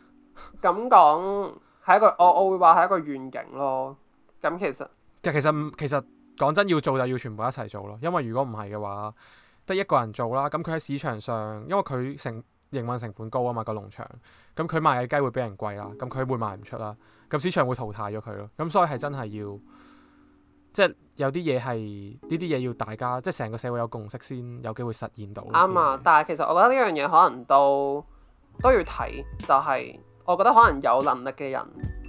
咁講，係一個，我我會話係一個願景咯。咁其實其實其實講真，要做就要全部一齊做咯。因為如果唔係嘅話，得一個人做啦，咁佢喺市場上，因為佢成。營運成本高啊嘛，個農場，咁佢賣嘅雞會比人貴啦，咁佢會賣唔出啦，咁市場會淘汰咗佢咯，咁所以係真係要，即係有啲嘢係呢啲嘢要大家即係成個社會有共識先有機會實現到。啱啊，但係其實我覺得呢樣嘢可能都都要睇，就係我覺得可能有能力嘅人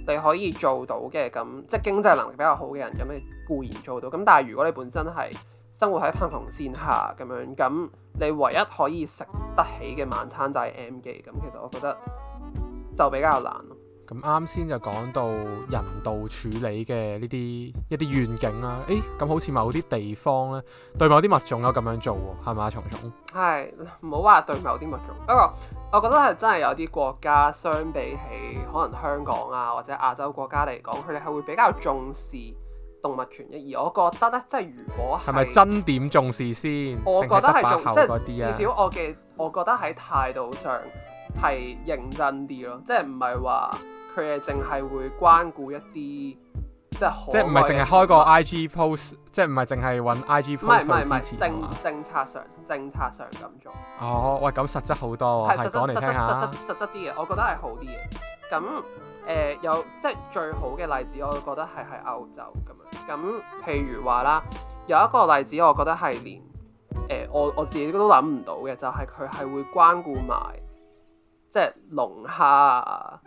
你可以做到嘅，咁即係經濟能力比較好嘅人，咁你固然做到，咁但係如果你本身係。生活喺貧窮線下咁樣，咁你唯一可以食得起嘅晚餐就係 M 記咁，其實我覺得就比較難咯。咁啱先就講到人道處理嘅呢啲一啲願景啦、啊，誒、欸，咁好似某啲地方咧對某啲物種有咁樣做喎，係咪啊，蟲蟲？係，唔好話對某啲物種。不過我覺得係真係有啲國家相比起可能香港啊或者亞洲國家嚟講，佢哋係會比較重視。動物權益，而我覺得咧，即係如果係咪真點重視先？我覺得係重，即係至少我嘅，我覺得喺態度上係認真啲咯，即係唔係話佢哋淨係會關顧一啲即係即係唔係淨係開個 IG post，即係唔係淨係揾 IG post 去支持啊嘛？政政策上，政策上咁做哦，喂，咁實質好多喎、啊，係講嚟聽下實質啲嘅，我覺得係好啲嘅咁。誒、呃、有即係最好嘅例子，我覺得係喺歐洲咁樣。咁譬如話啦，有一個例子，我覺得係連誒、呃、我我自己都諗唔到嘅，就係佢係會關顧埋即係龍蝦啊、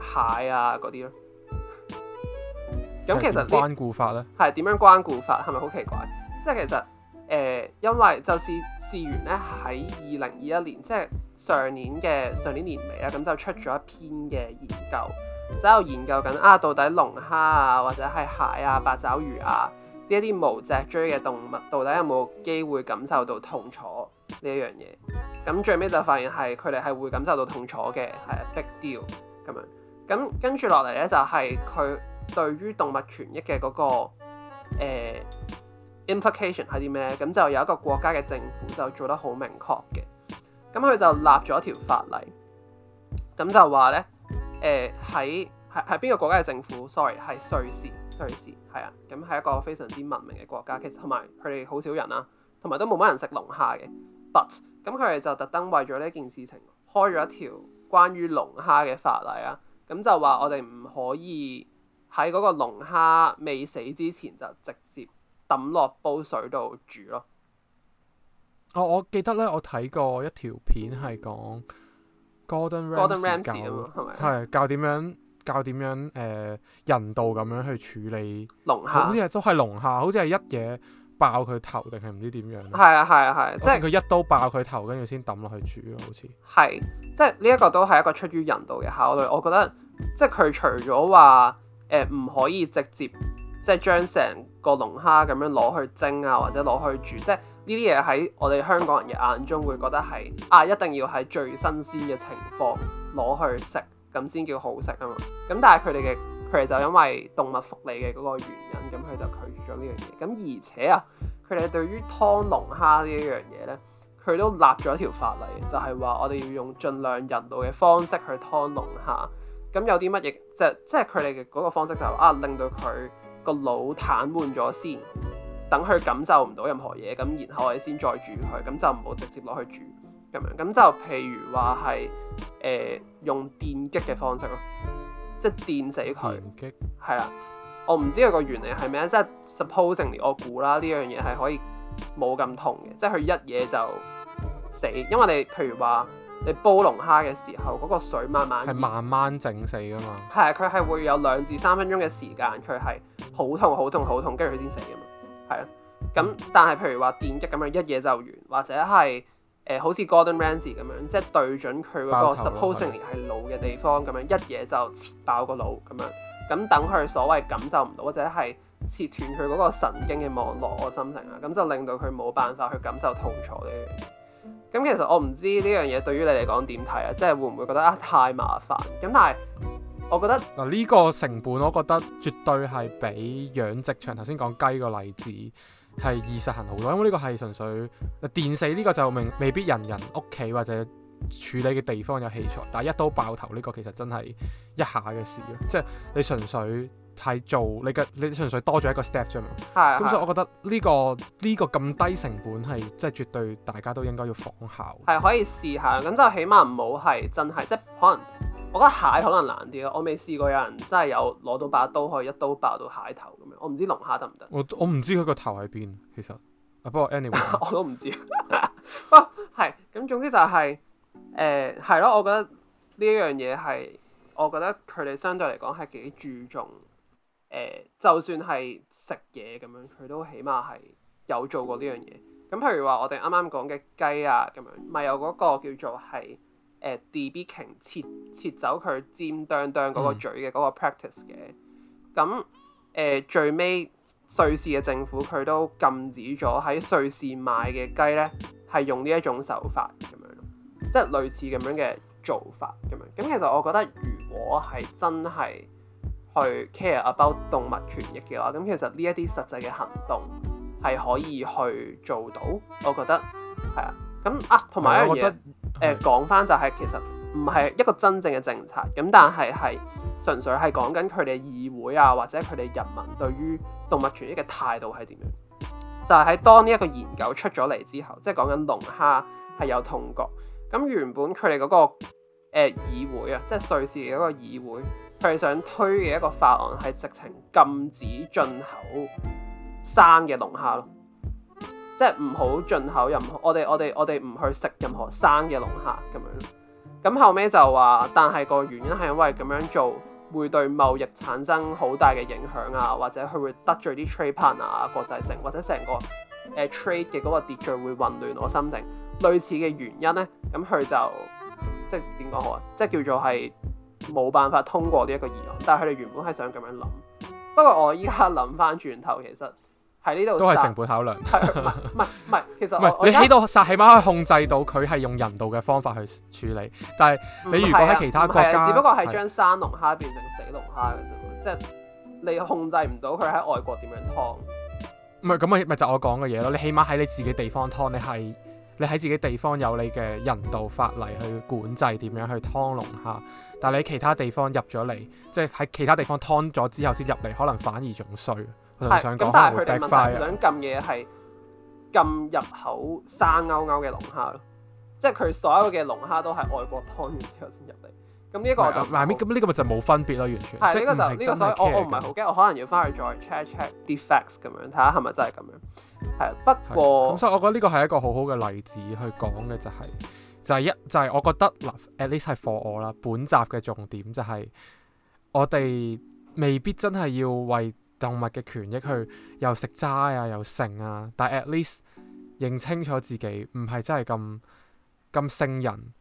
蟹啊嗰啲咯。咁其實關顧法咧係點樣關顧法？係咪好奇怪？即係其實誒、呃，因為就事事源咧喺二零二一年，即係上年嘅上年年尾啦，咁就出咗一篇嘅研究。喺度研究緊啊，到底龍蝦啊，或者係蟹啊、八爪魚啊呢一啲無脊椎嘅動物，到底有冇機會感受到痛楚呢一樣嘢？咁最尾就發現係佢哋係會感受到痛楚嘅，係 big deal 咁樣。咁跟住落嚟咧，就係、是、佢對於動物權益嘅嗰、那個、呃、implication 係啲咩？咁就有一個國家嘅政府就做得好明確嘅，咁佢就立咗條法例，咁就話咧。誒喺係係邊個國家嘅政府？Sorry，係瑞士，瑞士係啊，咁係一個非常之文明嘅國家，其實同埋佢哋好少人啊，同埋都冇乜人食龍蝦嘅。But 咁佢哋就特登為咗呢件事情開咗一條關於龍蝦嘅法例啊，咁就話我哋唔可以喺嗰個龍蝦未死之前就直接抌落煲水度煮咯。哦，我記得咧，我睇過一條片係講。Gordon Ramsay 咁，係咪？係教點樣教點樣誒、呃，人道咁樣去處理龍蝦蝦、就是，好似係都係龍蝦，好似係一嘢爆佢頭定係唔知點樣。係啊係啊係，即係佢一刀爆佢頭，跟住先抌落去煮咯，好似。係，即係呢一個都係一個出於人道嘅考慮。我覺得即係佢除咗話誒唔可以直接即係將成個龍蝦咁樣攞去蒸啊，或者攞去煮，即係。呢啲嘢喺我哋香港人嘅眼中會覺得係啊，一定要喺最新鮮嘅情況攞去食，咁先叫好食啊嘛。咁但係佢哋嘅佢哋就因為動物福利嘅嗰個原因，咁佢就拒絕咗呢樣嘢。咁而且啊，佢哋對於劏龍蝦一呢一樣嘢咧，佢都立咗一條法例，就係話我哋要用盡量人道嘅方式去劏龍蝦。咁有啲乜嘢即係即係佢哋嘅嗰個方式就係啊，令到佢個腦癱瘓咗先。等佢感受唔到任何嘢，咁然後我先再煮佢，咁就唔好直接落去煮咁樣。咁就譬如話係誒用電擊嘅方式咯，即係電死佢。電擊。係啊，我唔知佢個原理係咩，即係 supposing 我估啦，呢樣嘢係可以冇咁痛嘅，即係佢一嘢就死。因為你譬如話你煲龍蝦嘅時候，嗰個水慢慢係慢慢整死㗎嘛。係啊，佢係會有兩至三分鐘嘅時間，佢係好痛、好痛、好痛，跟住佢先死㗎嘛。係咯，咁但係譬如話電擊咁樣一嘢就完，或者係誒、呃、好似 Gordon Ramsay 咁樣，即係對準佢嗰個 supposedly 係腦嘅地方咁樣一嘢就切爆個腦咁樣，咁等佢所謂感受唔到或者係切斷佢嗰個神經嘅網絡個心情啊，咁就令到佢冇辦法去感受痛楚呢樣嘢。咁其實我唔知呢樣嘢對於你嚟講點睇啊，即係會唔會覺得啊太麻煩？咁但係。我覺得嗱，呢個成本，我覺得絕對係比養殖場頭先講雞個例子係易實行好多，因為呢個係純粹電死呢個就明，未必人人屋企或者處理嘅地方有器材，但係一刀爆頭呢個其實真係一下嘅事咯，即係你純粹係做你嘅，你純粹多咗一個 step 啫嘛。係。咁所以我覺得呢個呢個咁低成本係即係絕對大家都應該要仿效。係可以試下，咁就起碼唔好係真係即係可能。我覺得蟹可能難啲咯，我未試過有人真係有攞到把刀可以一刀爆到蟹頭咁樣，我唔知龍蝦得唔得？我我唔知佢個頭喺邊？其實啊，不過 anyway 我都唔知，係 咁，總之就係誒係咯，我覺得呢樣嘢係，我覺得佢哋相對嚟講係幾注重誒、呃，就算係食嘢咁樣，佢都起碼係有做過呢樣嘢。咁譬如話我哋啱啱講嘅雞啊咁樣，咪有嗰個叫做係。誒 debeaking、呃、切切走佢尖噠噠嗰個嘴嘅嗰個 practice 嘅，咁誒、呃、最尾瑞士嘅政府佢都禁止咗喺瑞士買嘅雞咧，係用呢一種手法咁樣咯，即係類似咁樣嘅做法咁樣。咁其實我覺得如果係真係去 care about 動物權益嘅話，咁其實呢一啲實際嘅行動係可以去做到，我覺得係啊。咁啊，同埋一樣嘢，誒講返就係、是、其實唔係一個真正嘅政策，咁但係係純粹係講緊佢哋議會啊，或者佢哋人民對於動物權益嘅態度係點樣？就係、是、喺當呢一個研究出咗嚟之後，即係講緊龍蝦係有痛覺，咁原本佢哋嗰個誒、呃、議會啊，即係瑞士嘅一個議會，佢哋想推嘅一個法案係直情禁止進口生嘅龍蝦咯。即係唔好進口任何，我哋我哋我哋唔去食任何生嘅龍蝦咁樣。咁後尾就話，但係個原因係因為咁樣做會對貿易產生好大嘅影響啊，或者佢會得罪啲 trade partner 啊、國際性，或者成個誒、uh, trade 嘅嗰個秩序會混亂。我心定類似嘅原因咧，咁佢就即係點講好啊？即、就、係、是就是、叫做係冇辦法通過呢一個議案。但係佢哋原本係想咁樣諗。不過我依家諗翻轉頭，其實。係呢度都係成本考量。唔係唔係，其實是你起到度，起碼可以控制到佢係用人道嘅方法去處理。但係你如果喺其他國家，唔係啊唔係啊，只不過係將生龍蝦變成死龍蝦嘅啫，即係的的你控制唔到佢喺外國點樣劏。唔係咁咪就我講嘅嘢咯。你起碼喺你自己地方劏，你係你喺自己地方有你嘅人道法例去管制點樣去劏龍蝦。但係你喺其他地方入咗嚟，即係喺其他地方劏咗，就是，之後先入嚟，可能反而仲衰。係，咁但係佢哋問題，想撳嘢係撳入口生勾勾嘅龍蝦咯，即係佢所有嘅龍蝦都係外國劏完之後先入嚟。咁呢一個咁，下面咁呢個咪就冇分別咯，完全。係呢、呢個就呢個，所以我我唔係好驚，我可能要翻去再 check check defects 咁樣睇下係咪真係咁樣。係，不過咁所以我覺得呢個係一個好好嘅例子去講嘅就係、是，就係、是、一就係、是、我覺得嗱，at least 係 for me 啦。本集嘅重點就係、是、我哋未必真係要為。動物嘅權益去又食齋啊又剩啊，但係 at least 認清楚自己唔係真係咁咁聖人。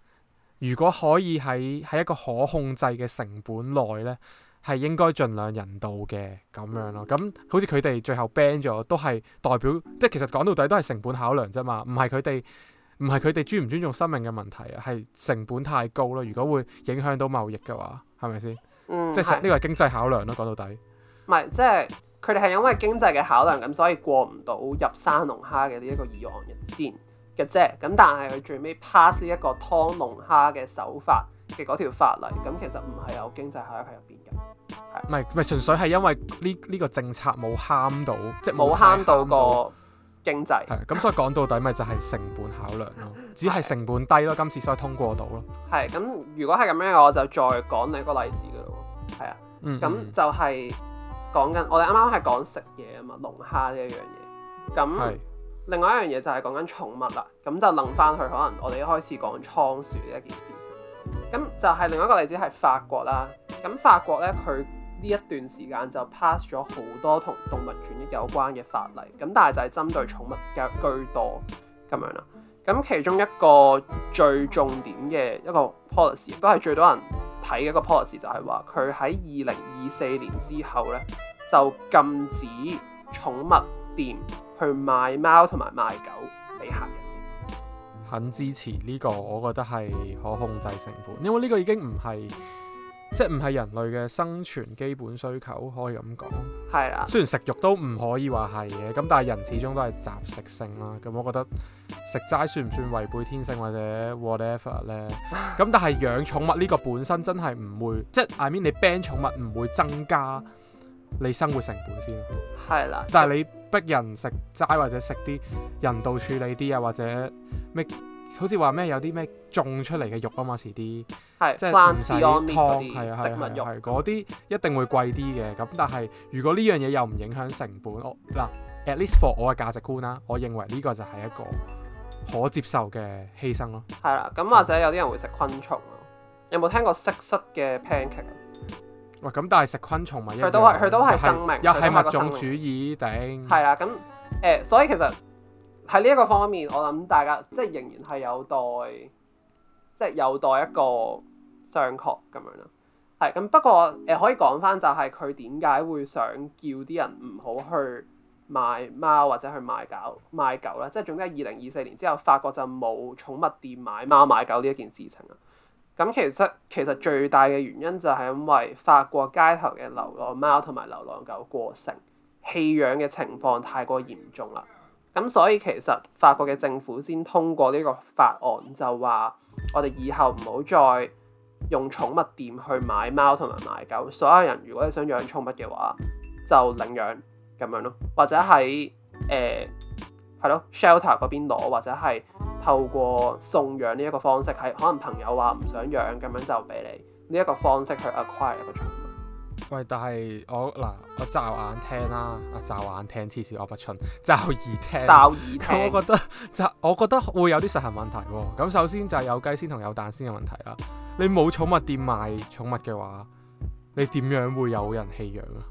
如果可以喺喺一個可控制嘅成本內呢，係應該盡量人道嘅咁樣咯。咁好似佢哋最後 ban 咗，都係代表即係其實講到底都係成本考量啫嘛，唔係佢哋唔係佢哋尊唔尊重生命嘅問題啊，係成本太高咯。如果會影響到貿易嘅話，係咪先？嗯，即係呢個係經濟考量咯，講到底。唔係，即係佢哋係因為經濟嘅考量，咁所以過唔到入山龍蝦嘅呢一個議案嘅先嘅啫。咁但係佢最尾 pass 一個湯龍蝦嘅手法嘅嗰條法例，咁其實唔係有經濟效益喺入邊嘅，係唔係純粹係因為呢呢、呢個政策冇慳到，即冇慳到個經濟係咁、嗯，所以講到底咪就係成本考量咯， 只係成本低咯，今次所以通過到咯。係咁，如果係咁樣，我就再講你一個例子嘅咯。係啊，咁、 嗯、就係、是。講緊，我哋啱啱係講食嘢啊嘛，龍蝦呢一樣嘢。咁是另外一樣嘢就係講緊寵物啦。咁就諗翻去，可能我哋一開始講倉鼠呢一件事。咁就係、是、另一個例子係法國啦。咁法國咧，佢呢一段時間就 pass 咗好多同動物權益有關嘅法例。咁但係就係針對寵物嘅居多咁樣啦。咁其中一個最重點嘅一個 policy，都係最多人。睇一個 post 就係話佢喺二零二四年之後呢，就禁止寵物店去賣貓同埋賣狗俾客人。很支持呢個，我覺得係可控制成本，因為呢個已經唔係。即係唔係人類嘅生存基本需求可以咁講？係啦。雖然食肉都唔可以話係嘅，咁但係人始終都係雜食性啦。咁我覺得食齋算唔算違背天性或者 whatever 咧？咁 但係養寵物呢個本身真係唔會，即係 I mean 你 ban 寵物唔會增加你生活成本先。係啦。但係你逼人食齋或者食啲人道處理啲啊，或者咩？好似話咩有啲咩種出嚟嘅肉啊嘛，遲啲係即係唔使湯，係啊係啊係啊，植物肉，嗰啲一定會貴啲嘅。咁但係如果呢樣嘢又唔影響成本，嗱、啊、at least for 我嘅價值觀啦，我認為呢個就係一個可接受嘅犧牲咯、啊。係啦，咁或者有啲人會食昆蟲咯。有冇聽過蟋蟀嘅 pancake？喂！咁但係食昆蟲咪佢都係佢都係生命，又係物種主義定係啦？咁誒、呃，所以其實。喺呢一個方面，我諗大家即係仍然係有待，即係有待一個商榷咁樣咯。係咁，不過誒、呃、可以講翻就係佢點解會想叫啲人唔好去賣貓或者去賣狗賣狗咧？即係總之二零二四年之後，法國就冇寵物店買貓買狗呢一件事情啦。咁其實其實最大嘅原因就係因為法國街頭嘅流浪貓同埋流浪狗過剩、棄養嘅情況太過嚴重啦。咁所以其實法國嘅政府先通過呢個法案，就話我哋以後唔好再用寵物店去買貓同埋買狗。所有人如果你想養寵物嘅話，就領養咁樣咯，或者喺誒係咯 shelter 嗰邊攞，或者係透過送養呢一個方式，係可能朋友話唔想養咁樣就俾你呢一個方式去 acquire 一個寵物。喂，但係我嗱我驟眼聽啦，啊驟眼聽黐線，我不蠢，驟耳聽，驟耳聽， 我覺得，罩 我覺得會有啲實行問題，啊。咁首先就係有雞先同有蛋先嘅問題啦，啊。你冇寵物店賣寵物嘅話，你點樣會有人棄養啊？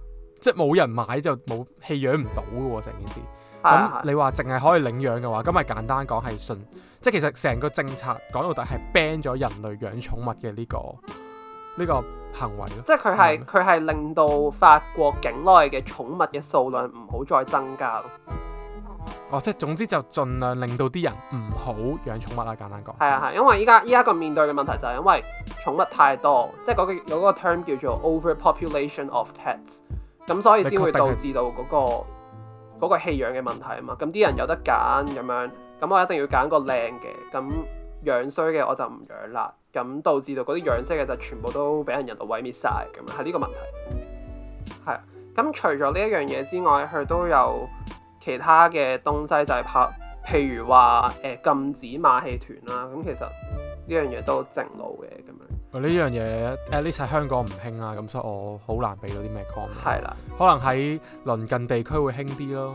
即係冇人買就冇棄養唔到嘅成件事。咁你話淨係可以領養嘅話，咁咪簡單講係信。即係其實成個政策講到底係 ban 咗人類養寵物嘅呢個呢個。這個這個行為咯，即係佢係佢係令到法國境內嘅寵物嘅數量唔好再增加咯。哦，即係總之就盡量令到啲人唔好養寵物啦，簡單講。係啊係，因為依家依家個面對嘅問題就係因為寵物太多，即係嗰、那個有嗰個 term 叫做 overpopulation of c a t s 咁所以先會導致到嗰、那個嗰個棄養嘅問題啊嘛。咁啲人有得揀咁樣，咁我一定要揀個靚嘅咁。養衰嘅我就唔養啦，咁導致到嗰啲養衰嘅就全部都俾人人道毀滅晒。咁樣係呢個問題。係啊，咁除咗呢一樣嘢之外，佢都有其他嘅東西，就係、是、拍，譬如話誒、呃、禁止馬戲團啦，咁其實呢樣嘢都正路嘅咁樣。呢樣嘢，at least 香港唔興啦，咁所以我好難俾到啲咩 comment。係啦的，可能喺鄰近地區會興啲咯。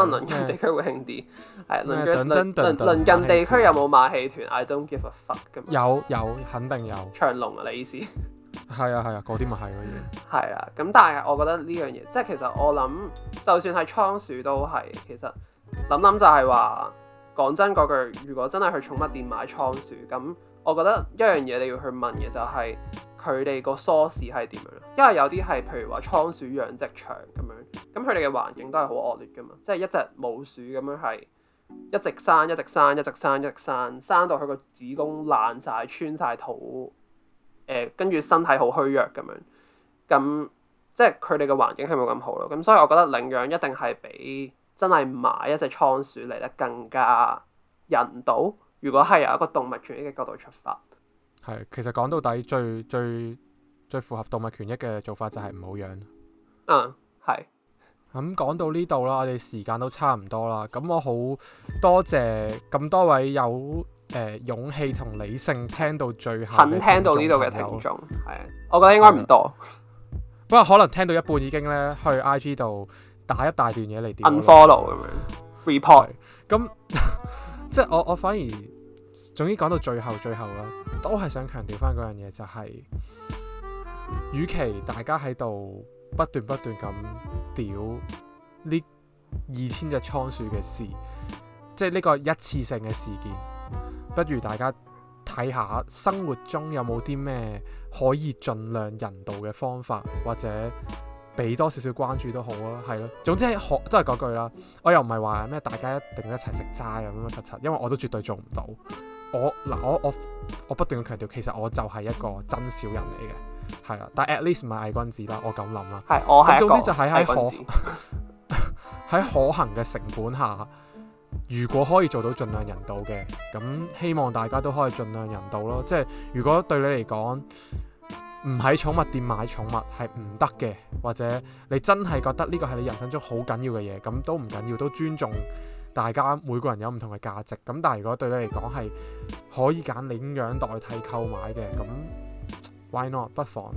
可能鄰近地區會興啲，係鄰鄰鄰近地區有冇馬戲團？I don't give a fuck 咁。有，有，肯定有。長隆啊！你意思？係啊，係啊，嗰啲咪係咯。係啊，咁、啊、但係我覺得呢樣嘢，即係其實我諗，就算係倉鼠都係其實諗諗就係話講真嗰句，如果真係去寵物店買倉鼠咁，我覺得一樣嘢你要去問嘅就係、是。佢哋個 source 係點樣咯？因為有啲係譬如話倉鼠養殖場咁樣，咁佢哋嘅環境都係好惡劣噶嘛。即係一隻母鼠咁樣係一直生、一直生、一直生、一直生，生到佢個子宮爛晒、穿晒肚，誒、呃，跟住身體好虛弱咁樣。咁即係佢哋嘅環境係冇咁好咯。咁所以我覺得領養一定係比真係買一隻倉鼠嚟得更加人道。如果係由一個動物權益嘅角度出發。係，其實講到底，最最最符合動物權益嘅做法就係唔好養。嗯，係。咁講到呢度啦，我哋時間都差唔多啦。咁我好多謝咁多位有誒、呃、勇氣同理性聽到最後，肯聽到呢度嘅聽眾。係，我覺得應該唔多。嗯、 不過可能聽到一半已經咧去 I G 度打一大段嘢嚟，unfollow 咁樣 report。咁即係我我反而。總之講到最後，最後啦，都係想強調翻嗰樣嘢，就係，與其大家喺度不斷不斷咁屌呢二千隻倉鼠嘅事，即係呢個一次性嘅事件，不如大家睇下生活中有冇啲咩可以盡量人道嘅方法，或者。俾多少少關注都好啊，係咯。總之，學都係嗰句啦。我又唔係話咩，大家一定一齊食齋咁樣七七，因為我都絕對做唔到。我嗱，我我我不斷要強調，其實我就係一個真小人嚟嘅，係啊。但 at least 唔係偽君子啦，我咁諗啦。係，我係。總之就係喺可喺 可行嘅成本下，如果可以做到，盡量人道嘅，咁希望大家都可以盡量人道咯。即係如果對你嚟講，唔喺寵物店買寵物係唔得嘅，或者你真係覺得呢個係你人生中好緊要嘅嘢，咁都唔緊要，都尊重大家每個人有唔同嘅價值。咁但係如果對你嚟講係可以揀領養代替購買嘅，咁 why not？不妨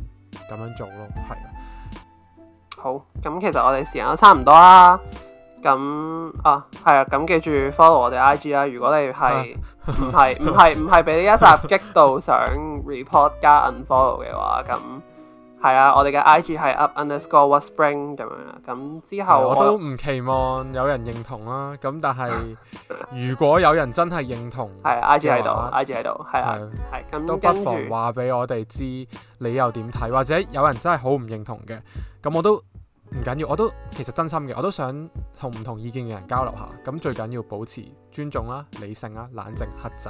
咁樣做咯。係。好，咁其實我哋時間都差唔多啦。咁啊，係啊，咁、嗯、記住 follow 我哋 IG 啦。如果你係唔係唔係唔係俾呢一集激到想 report 加 unfollow 嘅話，咁係啊，我哋嘅 IG 係 up underscore what spring 咁樣啦。咁之後我，我都唔期望有人認同啦、啊。咁但係如果有人真係認同，係 IG 喺度，IG 喺度，係啊，係。的都不妨話俾我哋知你又點睇，或者有人真係好唔認同嘅，咁我都。唔緊要，我都其實真心嘅，我都想同唔同意見嘅人交流下。咁最緊要保持尊重啦、理性啦、冷靜克制，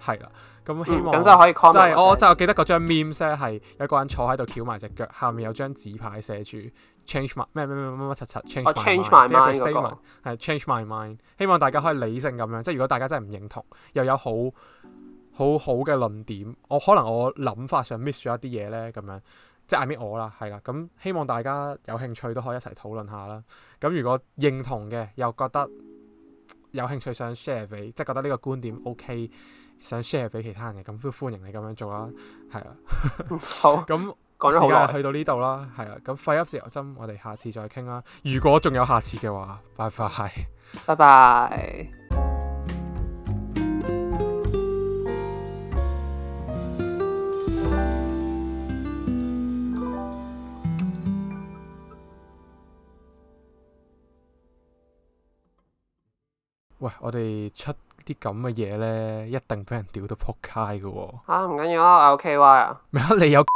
係啦。咁、嗯、men, 希望、嗯，嗯、即係是我就我記得嗰張 meme 咧，係有個人坐喺度翹埋隻腳，下面有張紙牌寫住 change my 咩咩咩乜乜乜乜乜乜，change my mind，即係一個 statement 係 change my mind、那個。Ment, my mind, 希望大家可以理性咁樣，即係如果大家真係唔認同，又有好好好嘅論點，我可能我諗法上 miss 咗一啲嘢咧，咁樣。即係挨邊我啦，係啦，咁、嗯、希望大家有興趣都可以一齊討論下啦。咁、嗯、如果認同嘅，又覺得有興趣想 share 俾，即係覺得呢個觀點 OK，想 share 俾其他人嘅，咁、嗯、都歡迎你咁樣做啦。係啊，好，咁、 嗯、時間去到呢度啦，係啊，咁肺吸自由針，我哋下次再傾啦。如果仲有下次嘅話，拜拜，拜拜。喂，我哋出啲咁嘅嘢咧，一定俾人屌到扑街噶喎！啊唔緊要啦，我有 KY 啊，咩啊、OK、啊 你有？